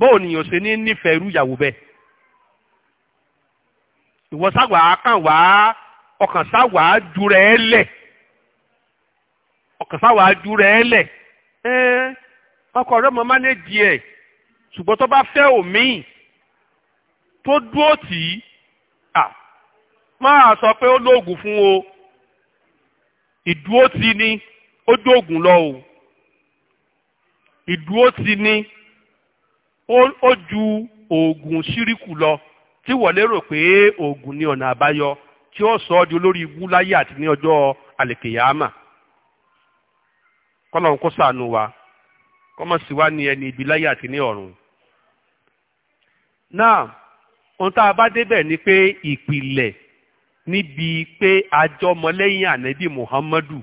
bóò nìyàn ṣe ní nífẹ̀ẹ́ irú ìyàwó bẹ́ẹ̀ ìwọ sáwàá kàn wá ọkàn sáwàá ju rẹ̀ ẹ́ lẹ̀ ọkàn sáwàá ju rẹ̀ ẹ́ lẹ̀ ẹ́ ọkọ rẹ̀ mọ mánéjì ẹ̀ ṣùgbọ́n tó bá fẹ́ òmíì tó dúró tì í máa sọ pé ó lóògùn fún o ìdúró tì ní ó dóògùn lọ o ìdúró tì ní. ó ju oògùn ṣíríkù lọ tí wọ́n lérò pé oògùn ni ọ̀nà àbáyọ tí ó sọ ọ́ di olórí ibú láyé àti ní ọjọ́ àlèkèyàmà kọ́lọ̀ ń kó sànù wa kọ́mọ̀ sí wa ní ẹni ibi láyé àti ní ọ̀run. náà ohun tá a bá débẹ̀ ni pé ìpìlẹ̀ níbi pé àjọmọlẹ́yìn ànábì Muhammadu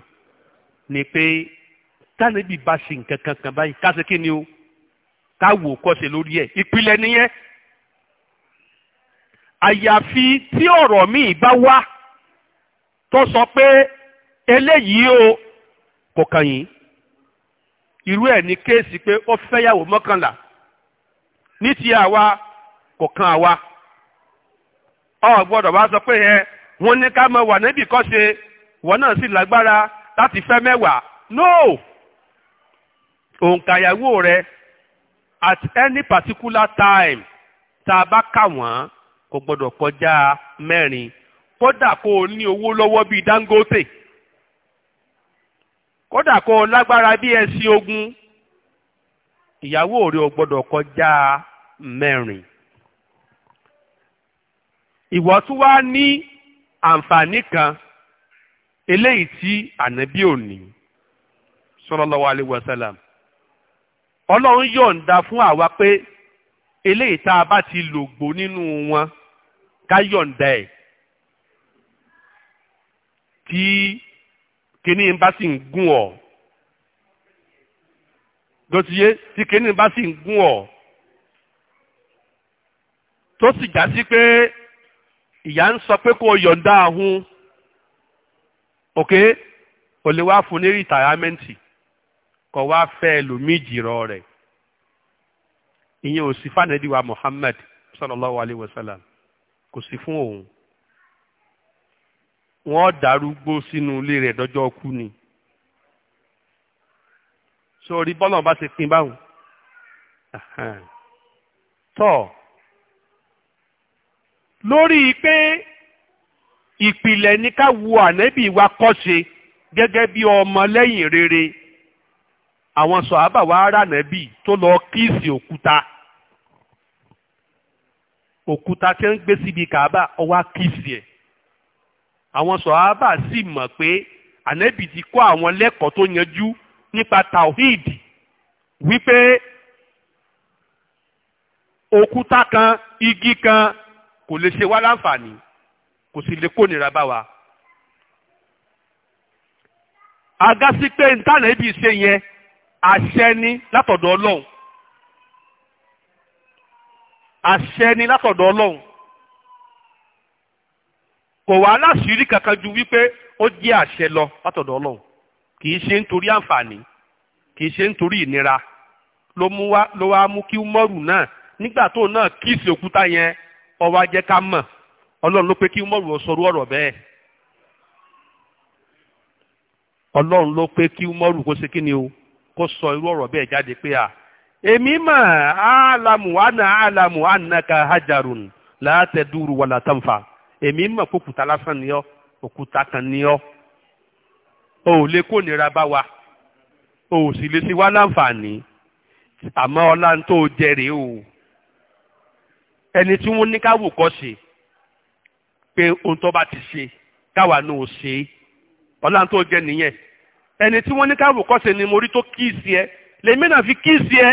ni pé tánàbì bá ṣe nǹkan kankan báyìí ká ṣe kí ni o. káwò kọ́sẹ̀ lórí ẹ̀ ìpìlẹ̀ nìyẹn àyàfi tí ọ̀rọ̀ míì bá wá tó sọ pé eléyìí o kò kàn yín irú ẹ̀ ní kéèsì pé ó fẹ́yàwó mọ́kànlá ní ti àwa kò kan àwa ọ gbọ́dọ̀ wá sọ pé ẹ wọn ní ká mọ wà níbi kọ́ wọn náà sì lágbára láti fẹ́ mẹ́wàá no òǹkàyàwó rẹ at any particular time tá a bá kà wọ́n kò gbọ́dọ̀ kọjá mẹ́rin kódà kó o ní owó lọ́wọ́ bíi Dangote kódà kó o lágbára bíi ẹṣin ogun ìyàwó rẹ ò gbọ́dọ̀ kọjá mẹ́rin ìwọ tún wá ní àǹfààní kan eléyìí tí ànábì ò ní sallallahu alaihi wasallam ọlọ́run yọ̀ǹda fún àwa pé eléyìí tá a bá ti lògbó nínú wọn ká yọ̀ǹda ẹ̀ tí kíní bá sì ń gún ọ lótìyé tí kíní bá sì ń gún ọ tó sì já sí pé ìyá ń sọ pé kó yọ̀ǹda ahun òkè ò lè wá fún ní rìtàyámẹ́ǹtì. Okay? kó wá fẹ́ ẹlòmíì jìrọ̀ rẹ̀ ìyẹn ò sí fànẹ́dì wa Muhammad sallallahu alayhi wa sallam kò sí fún òun wọ́n darúgbó sínú ilé rẹ̀ dọ́jọ́ kú ni sórí bọ́lọ̀ bá ti pin báwọn tọ́ lórí pé ìpìlẹ̀ ní ká wo ànẹ́bí wa kọ́ ṣe gẹ́gẹ́ bí ọmọ lẹ́yìn rere àwọn sọ̀hábà wa rà nẹ́bì tó lọ kíìsì òkúta òkúta tí ń gbé síbi kàábà ọwá kíìsì ẹ̀ àwọn sọ̀hábà sì mọ̀ pé ànẹ́bì ti kọ́ àwọn lẹ́kọ̀ọ́ tó yanjú nípa tawhid wípé òkúta kan igi kan kò lè ṣe wá láǹfààní kò sì lè kónira bá wa. agasi pé ntànà ibi ṣe yẹn àṣẹ ni látọ̀dọ̀ ọlọ́run àṣẹ ni látọ̀dọ̀ ọlọ́run kò wá láṣìírí kankan ju wípé ó jẹ́ àṣẹ lọ látọ̀dọ̀ ọlọ́run kì í ṣe nítorí àǹfààní kì í ṣe nítorí ìnira ló mú wá ló wá mú kí náà nígbà tó náà yẹn wá ká mọ̀ ọlọ́run ló pé kí Umaru ó ọ̀rọ̀ bẹ́ẹ̀ ọlọ́run ló pé kí kó ṣe kí o kó sọ irú ọ̀rọ̀ bẹ́ẹ̀ jáde pé à èmi mà áàlàmù àna áàlàmù ànàkà hajarun látẹ̀dúró wà látàǹfà èmi mà kó kùtà lásán ni ọ́ òkúta kan ni ọ́ o ò lè kó nira bá wa o ò sì lè ṣe wá láǹfààní àmọ́ ọlá ń tó o ẹni tí wọ́n ní káwò kọ́ ṣe pé ohun tó bá ti ṣe káwa náà ṣe ọlá ń tó nìyẹn. ẹni tí wọ́n ní káàbù kọ́sẹ̀ ni mo rí tó kíìsì ẹ lèmi náà fi kíìsì ẹ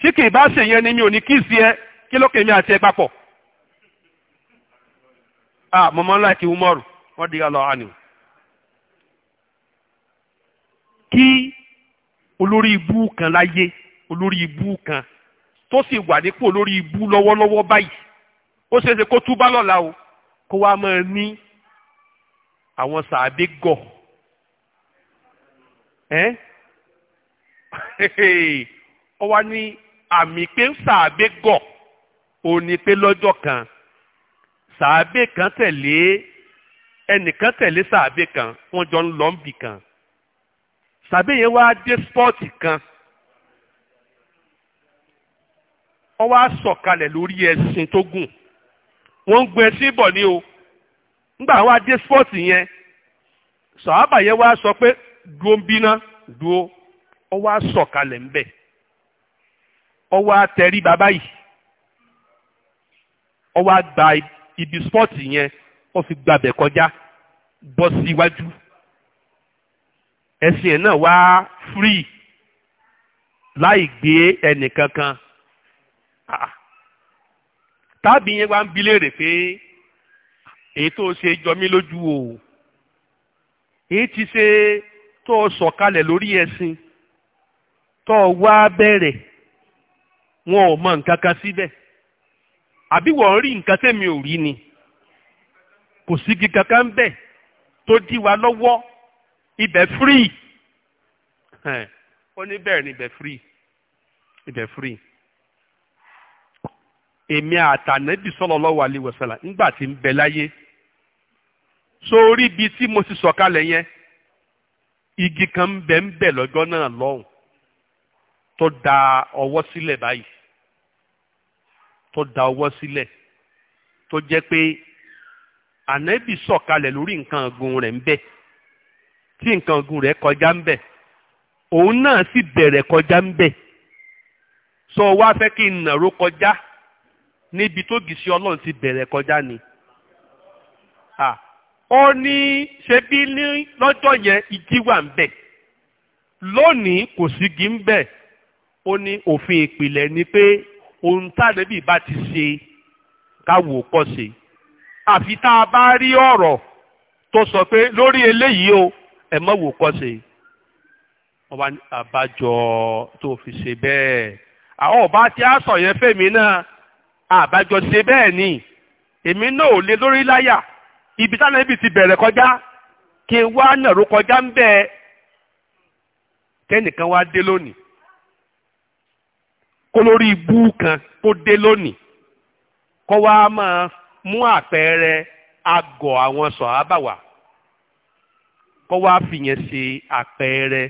tí kì í bá ṣe yẹn ni mi ò ní kíìsì ẹ kí ló kèmi àti ẹ papọ̀. a mọ̀mọ́ ńlá kí umaru wọ́n di ọlọ́ àná. kí olórí ibú kan láyé olórí ibú kan tó sì wà nípò olórí ibú lọ́wọ́lọ́wọ́ báyìí ó ṣeéṣe kó túbá lọ́la o kó wá máa ní àwọn sàábé gọ̀ ẹ́ ọ wá ní àmì pé sàábé gọ̀ ò ní pé lọ́jọ́ kan sàábé kan tẹ̀lé ẹnìkan tẹ̀lé sàábé kan wọ́n jọ ń lọ ń bì kan sàábé yẹn wá dé spọ́ọ̀tì kan ọ wá sọ̀kalẹ̀ lórí ẹṣin tó gùn wọ́n ń gun ẹṣin bọ̀ ni o ńgbà wá dé spọ́ọ̀tì yẹn sọ̀hábà yẹn wá sọ pé dúró ń bínà dúró ọ wá sọ̀kalẹ̀ ńbẹ̀ ọ wá tẹrí bàbá yìí ọ wá gba ibi spọ́ọ̀tì yẹn ó fi gbàbẹ̀ kọjá bọ́ sí ẹsìn ẹ̀ náà wá free láì gbé ẹnìkankan tàbí yẹn wá ń bi léèrè pé. èyí tó ṣe jọ mí lójú o èyí ti ṣe tó sọ̀kalẹ̀ lórí ẹ̀sìn tó wá bẹ̀rẹ̀ wọn ò mọ nǹkan kan síbẹ̀ àbí wọ́n rí nǹkan tẹ̀mí ò rí ni kò sí kíkan kan bẹ́ẹ̀ tó dí wa lọ́wọ́ ibẹ̀ free ó ní bẹ́ẹ̀ ni ibẹ̀ free ibẹ̀ free èmi àtànẹ́bí sallallahu alaihi wasallam nígbà tí ń bẹ láyé so orí ibi tí mo ti sọ̀kalẹ̀ yẹn igi kan ń bẹ ń bẹ lọ́jọ́ náà lọ́hùn tó da ọwọ́ sílẹ̀ báyìí tó da ọwọ́ sílẹ̀ tó jẹ́ pé ànábì sọ̀kalẹ̀ lórí nǹkan ọ̀gùn rẹ̀ ń bẹ tí nǹkan ọ̀gùn rẹ̀ kọjá ń bẹ òun náà sì bẹ̀rẹ̀ kọjá ń bẹ sọ wá fẹ́ kí n nàró kọjá níbi tó gìsí ọlọ́run ti bẹ̀rẹ̀ kọjá ni ó ní ṣebí ní lọ́jọ́ yẹn igi wà ń bẹ̀ lónìí kò sí igi ń bẹ̀ ó ní òfin ìpìlẹ̀ ni pé ohun tàdébì bá ti ṣe káwò kọ́ ṣe àfi tá a bá rí ọ̀rọ̀ tó sọ pé lórí eléyìí o ẹ mọ̀ wò kọ́ ṣe wọ́n bá ní tó fi ṣe bẹ́ẹ̀ àwọn ọba tí a sọ yẹn fèmí náà àbájọ ṣe bẹ́ẹ̀ ni èmi náà ò lé lórí láyà ibi táwọn ẹbí ti bẹ̀rẹ̀ kọjá kí n wá nàró kọjá ń bẹ́ẹ̀ kẹ́nìkan wá dé lónìí kó lórí ibú kan kó dé lónìí kó wá máa mú àpẹẹrẹ agọ̀ àwọn sọ̀hábà kó wá fìyẹn ṣe àpẹẹrẹ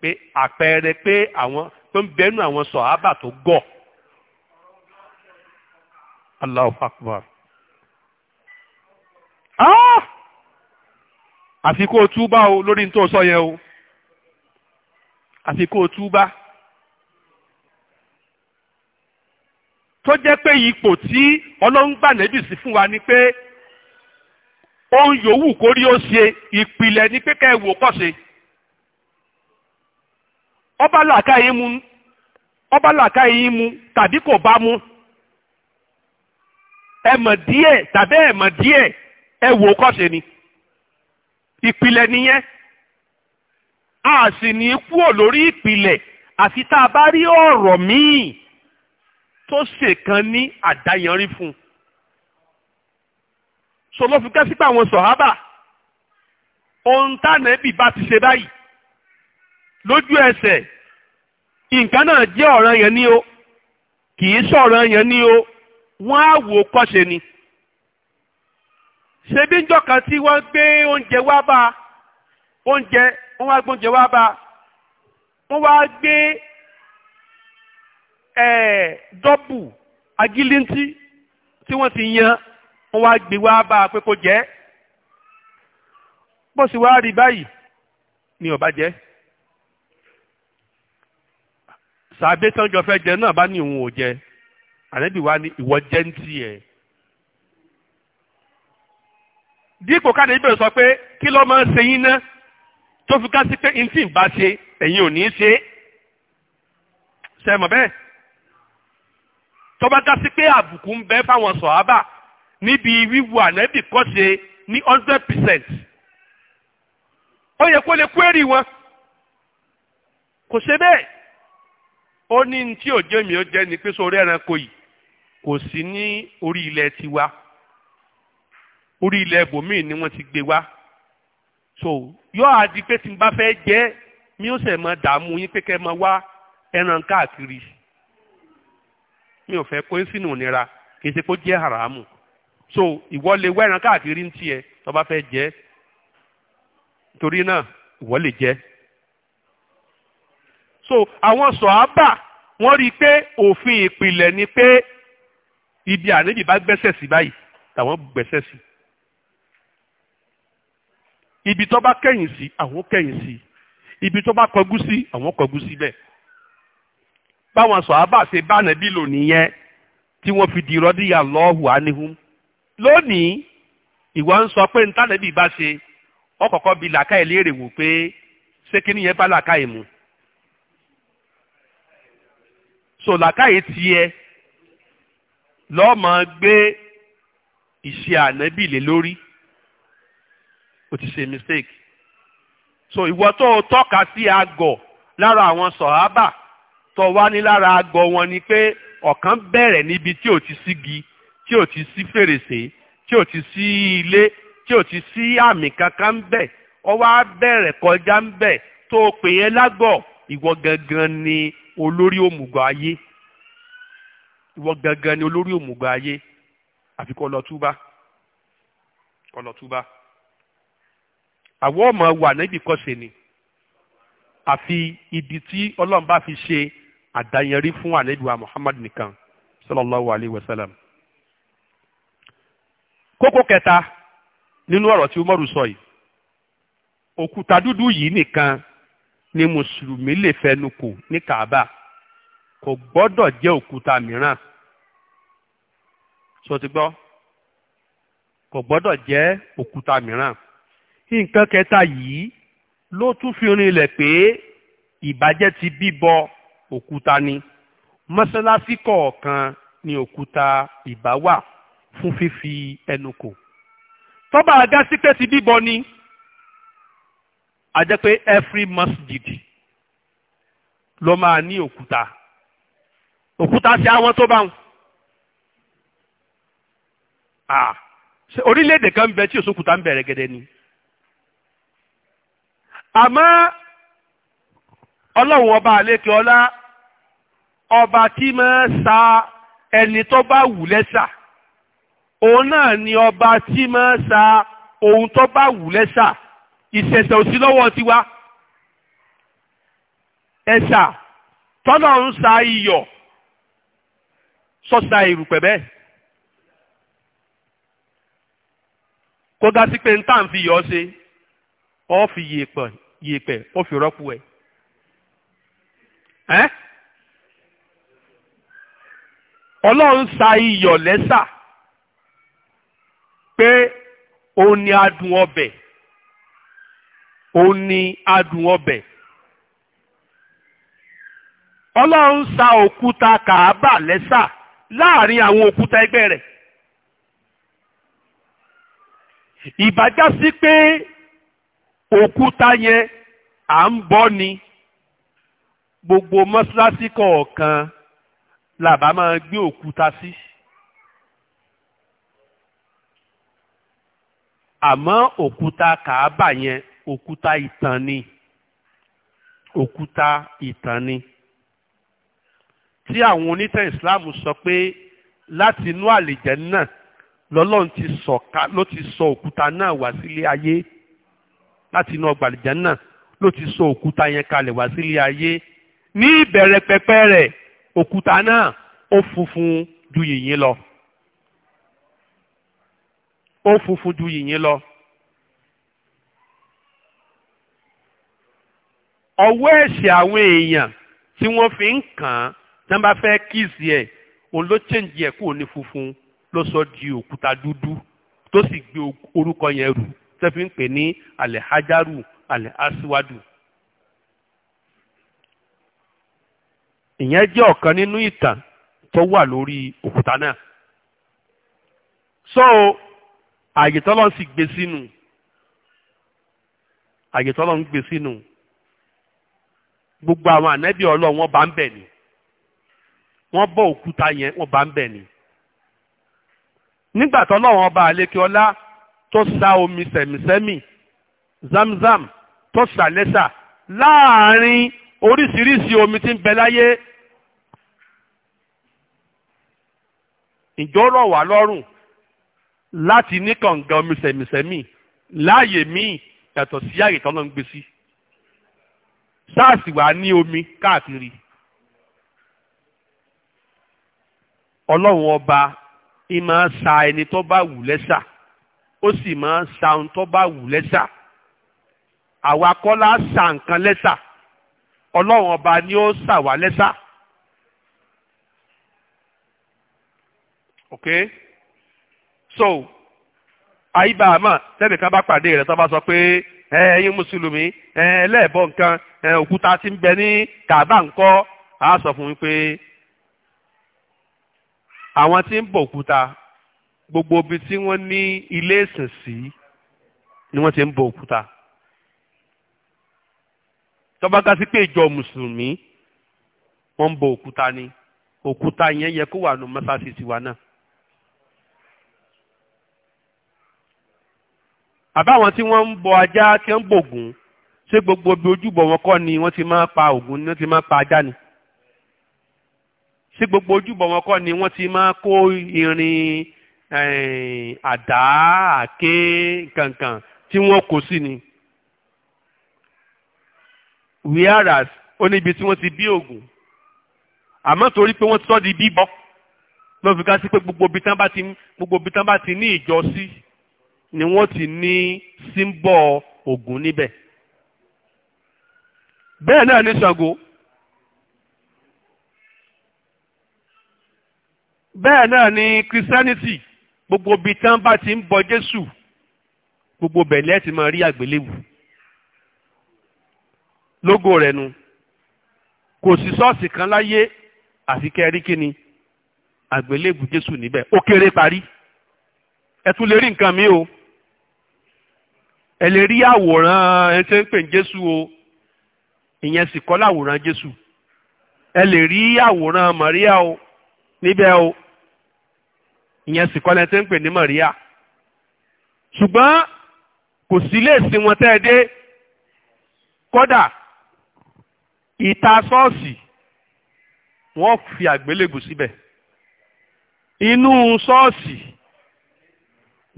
pé àpẹẹrẹ pé àwọn tó ń bẹnu àwọn sọ̀hábà tó gọ̀. Allahu Akbar. Ah! àfi kó o túbá o lórí ní tó sọ yẹn o àfi kó o túbá tó jẹ́ pé ipò tí ọlọ́run gbà nẹ́bì sí fún wa ni pé ohun yòówù kó rí ó ṣe ìpìlẹ̀ ni pé ká ẹ wò kọ́ ṣe ọba làákàyè mu ọba làákàyè mu tàbí kò bá mu ẹ̀mọ̀ díẹ̀ tàbí ẹ̀mọ̀ díẹ̀ ẹ wò ó kọ́ṣe ni ìpìlẹ̀ nìyẹn a sì ní kúrò lórí ìpìlẹ̀ àfi tá a bá rí ọ̀rọ̀ míì tó ṣèkan ní àdáyanrí fún un so ló fi kẹ́sí pé àwọn sọ̀hábà ohun tánẹ́bì bá ti ṣe báyìí lójú ẹsẹ̀ nǹkan náà jẹ́ ọ̀ranyàn ni o kì í ṣọ̀ranyàn ni o wọ́n á wò kọ́ṣe ni ṣe bí njọ́ kan tí wọ́n gbé oúnjẹ wá bá oúnjẹ wọ́n wá gbé oúnjẹ wá bá wọ́n wá gbé dọ́bù agilintí tí wọ́n ti yan wọ́n wá gbé wá bá pé kó jẹ́ bó sì wá rí báyìí ni ọba jẹ́ sàbẹ́tàn jọ fẹ́ jẹ náà bá ní òun ò jẹ ànábì wá ní ìwọ jẹ́ ń tiẹ̀. dípò káde ibẹ̀ sọ pé kí ló máa ń ṣe yín ná tó fi ká sí pé n tí ń bá ṣe ẹ̀yin ò ní í ṣe ṣe mọ̀ bẹ́ẹ̀ tó ká sí pé àbùkù ń bẹ fáwọn sọ̀hábà níbi wíwu ànẹ́bì kọ́ṣe ní hundred percent ó yẹ kó lè kwérì wọn kò ṣe bẹ́ẹ̀ ó ní tí òjèmí ó jẹ́ ni pé sórí ẹranko yìí kò sí ní orí ilẹ̀ tiwa orí ilẹ̀ ibòmíì ni wọ́n ti gbé wá so yọ àdí pé tí n bá fẹ́ jẹ́ mi ò sẹ̀ mọ dààmú yín pé kẹ́ ẹ mọ wá ẹran káàkiri mi ò fẹ́ kó sínú ìnira kì í ṣe kó jẹ́ haramu so ìwọ lè wá ẹran káàkiri ń tiẹ̀ tó bá fẹ́ jẹ́ torí náà ìwọ lè jẹ́ so àwọn sọ̀hábà wọ́n rí i pé òfin ìpìlẹ̀ ni pé ibi àníjì bá gbẹ́sẹ̀ sí báyìí tàwọn gbẹ́sẹ̀ sí ibi tó bá kẹ̀yìn sí àwọn kẹ̀yìn sí ibi tó bá kọjú sí àwọn kọjú síbẹ̀ báwọn sọ̀hábà ṣe bá nàbí lò nìyẹn tí wọ́n fi dìrọ́ díyà lọ́ọ̀hù ánihùn lónìí ìwọ ń sọ pé ntánàbí bá ṣe ọkọ̀ọ̀kọ́ bíi làákàyè léèrè wò pé ṣé kí nìyẹn bá làákàyè mu so làákàyè tiẹ̀ lọ́ọ́ máa gbé ìṣe ànábì lé lórí o ti ṣe mistake so ìwọ tó o tọ́ka sí àgọ̀ lára àwọn sọ̀hábà tó wá ní lára àgọ̀ wọn ni pé ọ̀kan bẹ̀rẹ̀ níbi tí ò ti sígi tí ò ti sí fèrèsé tí ò ti sí ilé tí ò ti sí àmì kankan ń bẹ̀ ọ wá bẹ̀rẹ̀ kọjá ń bẹ̀ tó o pè yẹn lágọ̀ ìwọ gangan ni olórí òmùgọ̀ ayé ìwọ gangan ni olórí òmùgọ̀ ayé àfi kó lọ túbá kó lọ túbá àwọn ọmọ wà níbi kọ́ṣe ni àfi ìdí tí ọlọ́run bá fi ṣe àdáyẹrí fún àlejò Muhammad nìkan sallallahu alayhi wa sallam. kókó kẹta nínú ọ̀rọ̀ tí Umaru sọ yìí òkúta dúdú yìí nìkan ni mùsùlùmí lè fẹnu kò ní Kaaba kò gbọ́dọ̀ jẹ́ òkúta mìíràn sọ ti gbọ́ kò gbọ́dọ̀ jẹ́ òkúta mìíràn nǹkan kẹta yìí ló tún fi rinlẹ̀ pé ìbàjẹ́ ti bíbọ òkúta ni mọ́sálásí kọ̀ọ̀kan ni òkúta ìbá wà fún fífi ẹnu kò tọ́ba àgásípẹ́ ti bíbọ ni a jẹ́ pé every masjid ló máa ní òkúta òkúta ṣe àwọn tó bá ń orílẹ̀-èdè kan ń bẹ tí òṣòkúta ń bẹ̀rẹ̀ gẹ́gẹ́ ni àmọ́ ọlọ́run ọba àlékè ọlá ọba tí máa sa ẹni tó bá wù lẹ́sà òun náà ni ọba tí máa sa ohun tó bá wù lẹ́sà ìṣẹ̀ṣẹ̀ òsì lọ́wọ́ tiwa ẹ̀sà tọ́lọ̀ ń sa iyọ̀ sọ́sà ìrùpẹ̀ bẹ́ẹ̀ kó ga sí pé ń tà ń fi yọ̀ ọ́ ṣe ọ fi yèèpẹ̀ yèèpẹ̀ fi rọ́pò ẹ ẹ́ ọlọ́run sa iyọ̀ lẹ́sà pé o ní adùn ọbẹ̀ o ní adùn ọbẹ̀ ọlọ́run sa òkúta kàábà lẹ́sà láàrin àwọn òkúta ẹgbẹ́ rẹ̀ sí pé òkúta yẹn à ń bọ́ ni gbogbo mọ́ṣáláṣí kọ̀ọ̀kan làbá máa gbé òkúta sí. àmọ́ òkúta kàábà yẹn òkúta ìtàn ni òkúta ìtàn ni tí àwọn onítàn ìsìláàmù sọ pé láti inú àlìjẹ́ náà lọ́lọ́run ti sọ̀ka ló ti sọ òkúta náà wá sílé ayé láti inú ọgbà àlìjánà ló ti sọ òkúta yẹn kalẹ̀ wá sílé ayé ní ìbẹ̀rẹ̀ pẹpẹ rẹ̀ òkúta náà ó funfun ju yìnyín lọ ó funfun ju yìnyín lọ. ọwọ́ ẹ̀ṣẹ̀ àwọn èèyàn tí wọ́n fi ń kàn án tí wọ́n bá fẹ́ kíìsì ẹ̀ òun ló chẹ́ǹjì ẹ̀ kúrò ní funfun ló sọ di òkúta dúdú tó sì gbé orúkọ yẹn rù tó fi ń pè ní alẹ́ hajaru alẹ́ asiwadu. ìyẹn jẹ́ ọ̀kan nínú ìtàn tó wà lórí òkúta náà. so àyè tọ́lọ́ sì gbé sínú àyè tọ́lọ́ ń gbé sínú gbogbo àwọn ànẹ́bí ọlọ́run wọ́n bá ń bẹ̀ ni wọ́n bọ́ òkúta yẹn wọ́n bá ń bẹ̀ ni nígbà tọ́lọ́run ọba àlékè ọlá tó sa omi sẹ̀mísẹ́mì zamzam tó sa lẹ́sà láàrin oríṣiríṣi omi tí ń bẹ láyé ìjọ rọ̀ wá lọ́rùn láti ní kànga omi sẹ̀mísẹ́mì láàyè míì yàtọ̀ sí àyè tọ́lọ́ ń gbé sí sars wà ní omi káàkiri ọlọ́run ọba ìmọ̀ sa ẹni tó bá wù lẹ́sà ó sì máa ń sa ohun tó bá wù lẹ́sà àwa kọ́ la sa nǹkan lẹ́sà ọlọ́run ọba ni ó sà wá lẹ́sà. okay so àyíbá àmọ́ tẹ́nìkan bá pàdé rẹ̀ tó bá sọ pé ẹ̀yin mùsùlùmí ẹlẹ́ẹ̀bọ nǹkan òkúta tí ń bẹ ní kàbá ńkọ́ á sọ fún mi pé àwọn tí ń bọ òkúta gbogbo ibi tí wọ́n ní ilé ìsìn sí ni wọ́n ti ń bọ òkúta tọ́ba ká sí pé ìjọ mùsùlùmí wọ́n ń bọ òkúta ni òkúta yẹn yẹ kó wà nù mọ́sáàsì tiwa náà. àbáwọn tí wọ́n ń bọ ajá kí wọ́n ń ṣé gbogbo ibi ojúbọ wọn kọ́ ni wọ́n ti máa pa ògùn ni wọ́n ti máa pa ajá ni ṣé gbogbo ojúbọ wọn kọ́ ni wọ́n ti máa kó irin àdá àké kankan tí wọ́n kó sí ni whereas ó níbi tí wọ́n ti bí ògùn àmọ́ torí pé wọ́n ti sọ́ di bíbọ́ lọ́ fi ká sí pé gbogbo ibi tán bá ti gbogbo ibi tán bá ti ní ìjọ sí ni wọ́n ti ní símbọ̀ ògùn níbẹ̀ bẹ́ẹ̀ náà ní Ṣàngó bẹ́ẹ̀ náà ní Christianity gbogbo ibi tán bá ti ń bọ Jésù gbogbo bẹ̀lẹ́ ti máa rí àgbélébù lógo rẹ̀ nu kò sí ṣọ́ọ̀ṣì kan láyé àfi kẹrí kíni àgbélébù Jésù níbẹ̀ ó kéré parí ẹ tún lè rí nǹkan mi o ẹ lè rí àwòrán ẹ ṣe ń pè Jésù o ìyẹn sì kọ́ láwòrán Jésù ẹ lè rí àwòrán Màríà o níbẹ̀ o ìyẹn sì kọ́lẹ̀ tí ń pè ní Màríà ṣùgbọ́n kò sí lè sí wọn tẹ́ ẹ dé kódà ìta ṣọ́ọ̀ṣì wọ́n fi àgbélébù síbẹ̀ inú ṣọ́ọ̀ṣì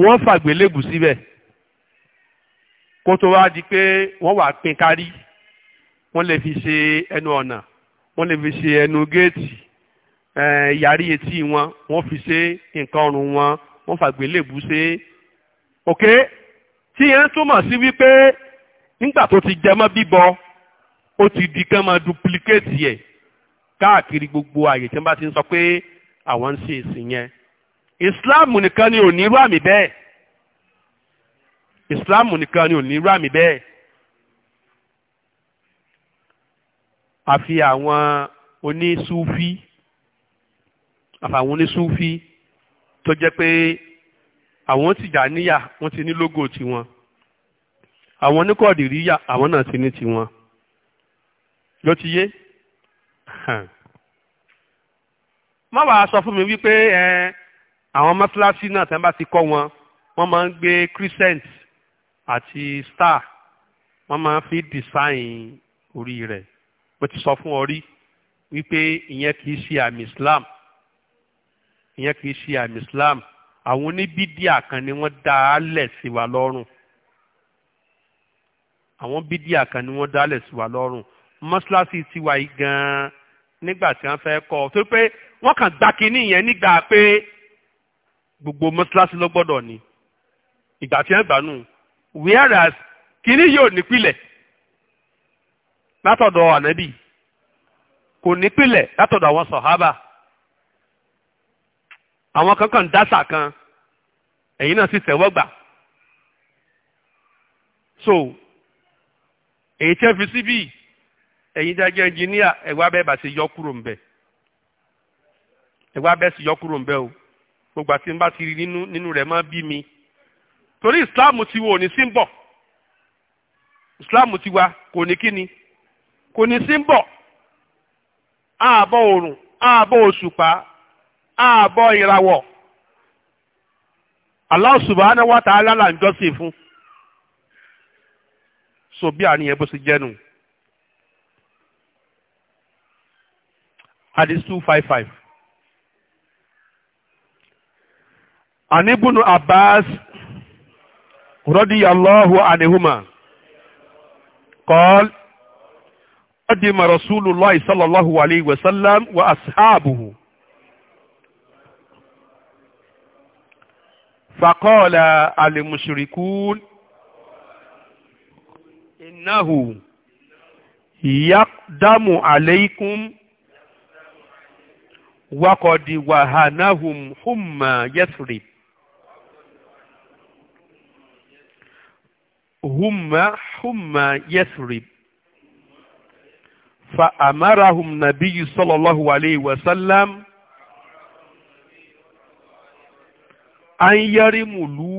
wọ́n fàgbélébù síbẹ̀ kó tó wá di pé wọ́n wà pín kárí wọ́n lè fi ṣe ẹnu ọ̀nà wọ́n lè fi ṣe ẹnu géètì yàrí etí wọn wọ́n fi ṣe nǹkan ọrùn wọn wọ́n fàgbélébù ṣe ok tí yẹn túmọ̀ sí wípé nígbà tó ti jẹmọ́ bíbọ ó ti di kán máa duplicate yẹ káàkiri gbogbo àyè tí wọ́n bá ti ń sọ pé àwọn ń ṣe ìsìn yẹn islam nìkan ni ò ní irú àmì bẹ́ẹ̀ islam nìkan ni ò irú àmì bẹ́ẹ̀ àfi àwọn onísúfí àfàwọn onísúfí tó jẹ́ pé àwọn Tìjàníyà wọ́n ti ní lógò tiwọn àwọn oníkọ̀dìríyà àwọn náà ti ní tiwọn ló ti yé má wàá sọ fún mi wípé ẹ àwọn mọ́sálásí náà tẹ́ bá ti kọ́ wọn wọ́n máa ń gbé crescent àti star wọ́n máa ń fi design orí rẹ̀ mo ti sọ fún ọ rí wípé ìyẹn kì í ṣe àmì Islam ìyẹn kì í ṣe àmì Islam àwọn oníbídíà kan ni wọ́n dá a lẹ̀ sí wa lọ́rùn àwọn bídíà kan ni wọ́n dá a lẹ̀ sí wa lọ́rùn mọ́ṣáláṣí tiwa yìí gan-an nígbà tí wọ́n fẹ́ kọ́ ọ tó pé wọ́n kàn gbá kínní yẹn nígbà pé gbogbo mọ́ṣáláṣí ló gbọ́dọ̀ ni ìgbà tí wọ́n gbà nù whereas kínní yóò nípìlẹ̀ látọ̀dọ̀ ànábì kò nípìlẹ̀ látọ̀dọ̀ àwọn sọ̀hábà àwọn kankan dásà kan ẹ̀yin náà sì tẹ́wọ́ gbà so èyí tẹ́ fi síbí ẹ̀yin tẹ́ jẹ́ ẹnjìníà ẹ̀wá bẹ́ẹ̀ bá ṣe yọ kúrò ńbẹ̀ ẹ̀wá bẹ́ẹ̀ sì yọ kúrò ńbẹ̀ o gbogbo àti nbá ti rí nínú nínú rẹ̀ máa bí mi torí ìsìláàmù ti wo ò ní sí ń bọ̀ ìsìláàmù ti wa kò ní kíni kò ní sí ń bọ̀ ààbọ̀ oòrùn ààbọ̀ òṣùpá ààbọ̀ ìràwọ̀ Allah subhanahu wa ta'ala là ń jọ́sìn fún so bí àníyàn bó ṣe jẹ́nu. Hadith two five five. Anibunu Abbas radiyallahu anihuma qala qadima Rasulullah sallallahu alayhi wa sallam wa ashabuhu فقال المشركون إنه يقدم عليكم وقد وهنهم حمى يثرب هم حمى يثرب فأمرهم النبي صلى الله عليه وسلم anyẹ́rìmùlú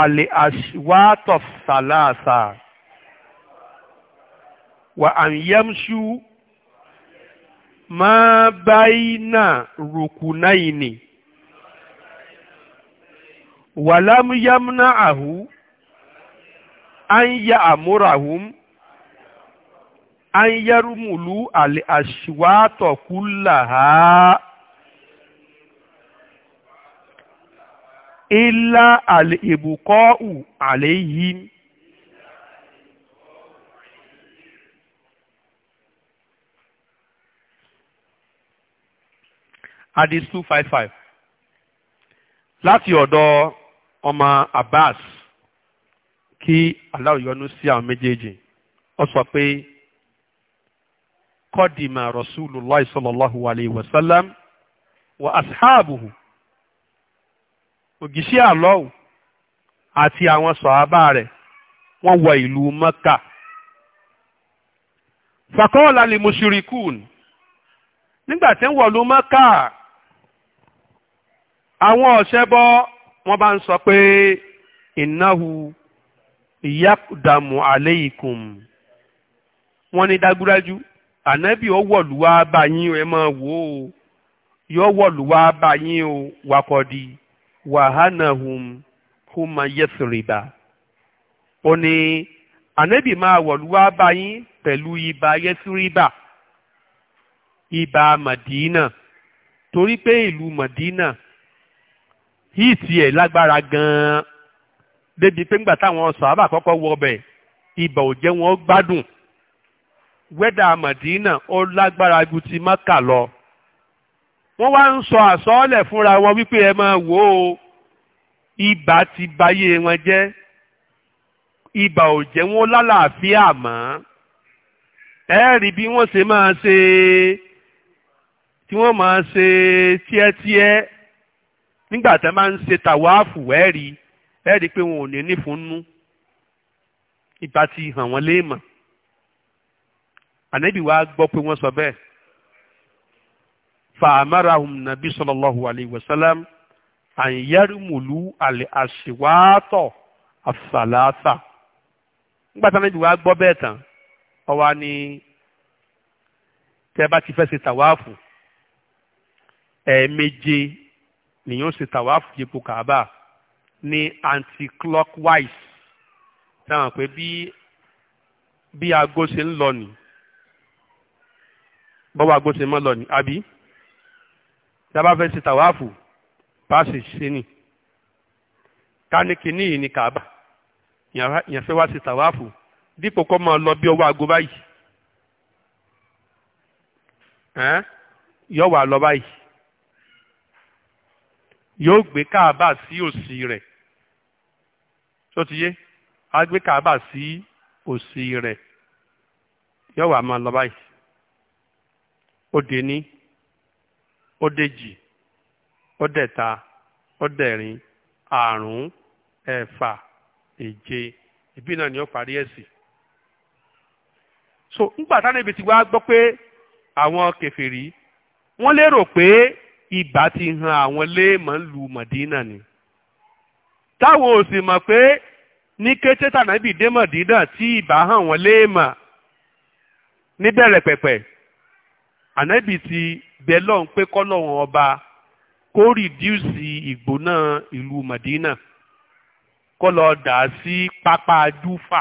àlè àṣìwátọ̀ sàlàsà wà ànyẹ́mṣú máa báyìí náà rùkùnáyìnì wàlámù yámúná àhú an ya amurahum an yarmulu al ashwata kullaha ila al ìbùkọ́ù àlè yìí. Hadis two five five láti ọ̀dọ̀ ọmọ Abbas kí Allah yọ́nú sí àwọn méjèèjì ó sọ pé kọ́dìmà Rasulullah sallallahu alayhi wa sallam wa ashabuhu ògìṣẹ́ àlọ́hùn àti àwọn sọ̀hábà rẹ̀ wọ́n wọ ìlú mọ́kà. fàkọ́ọ̀lá lè mushrikun nígbà tí ń wọ̀lú mọ́kà àwọn ọ̀ṣẹ́bọ wọ́n bá ń sọ pé innahu yaqdamu alaykum wọ́n ní dágúdájú ànábì ó bá yín ẹ máa wò ó yóò wọ̀lú bá yín o wàkọ̀dí wàhánahùn húmọ yẹsùrìbà ó ní ànábì máa wọ̀lú wá báyìí pẹ̀lú ibà yẹsùrìbà ibà màdínà torí pé ìlú màdínà híìtì ẹ̀ lágbára gan-an débi pé ńgbà táwọn sàábà kọ́kọ́ wọ ọbẹ̀ ibà ò jẹ́ wọn gbádùn wẹ́dà màdínà ó lágbára ju ti Mákà lọ wọ́n wá ń sọ àsọọ́lẹ̀ fúnra wọn wípé ẹ máa wò ó ibà ti bayé wọn jẹ́ ibà ò jẹ́ wọn lálàáfíà mọ́ ẹ rí bí wọ́n ṣe máa ṣe tí wọ́n máa ṣe tíẹ́tíẹ́ nígbà tí wọ́n máa ń ṣe tàwáàfù ẹ rí ẹ rí pé wọn ò ní nífúnnú ibà ti hàn wọ́n léèmọ̀ ànábì wa gbọ́ pé wọ́n sọ bẹ́ẹ̀. فأمرهم النبي صلى الله عليه وسلم أن يرملوا الأصوات الثلاثة nígbà táwọn ìdìbò wa gbọ́ bẹ́ẹ̀ tán ọwa ni tẹ́ bá ti fẹ́ ṣe tàwáàfù ẹ̀ẹ̀méje nìyẹn ó ṣe tàwáàfù yípo kàábà ní anti-clockwise táwọn pé bí bí aago ṣe ń lọ nì bọ́wọ́ aago ṣe mọ́ lọ nì àbí tábà fẹ́ ṣe tàwáàfù páàsì ṣe ni káníkì ní ìní kàábà yẹn fẹ́ wá ṣe tàwáàfù dípò kọ́ máa lọ bí ọwọ́ aago báyìí yóò wà lọ báyìí yóò gbé kàábà sí òsì rẹ̀ tó ti yé a gbé kàábà sí òsì rẹ̀ yóò wà máa lọ báyìí ó dé ní. ọ̀dẹ̀jì ọ̀dẹ̀ta ọ̀dẹ̀rin àrùn, ẹ̀fà èje ìbí náà ni ó parí ẹ̀ so ńgbà táwọn ibi tí wàá gbọ́ pé àwọn kèfèrí wọ́n lérò pé ibà ti han àwọn léèmọ̀ ń lu mọ̀dínà ni táwọn ò sì mọ̀ pé ní kété tànàbì dé mọ̀dínà tí ibà hàn wọ́n léèmọ̀ níbẹ̀rẹ̀ pẹ̀pẹ̀ ànábì ti bẹ lọ́hùn pé kọ́lọ́hùn ọba kó rìdíùsì ìgbóná ìlú Màdínà kó dà sí pápá júfà.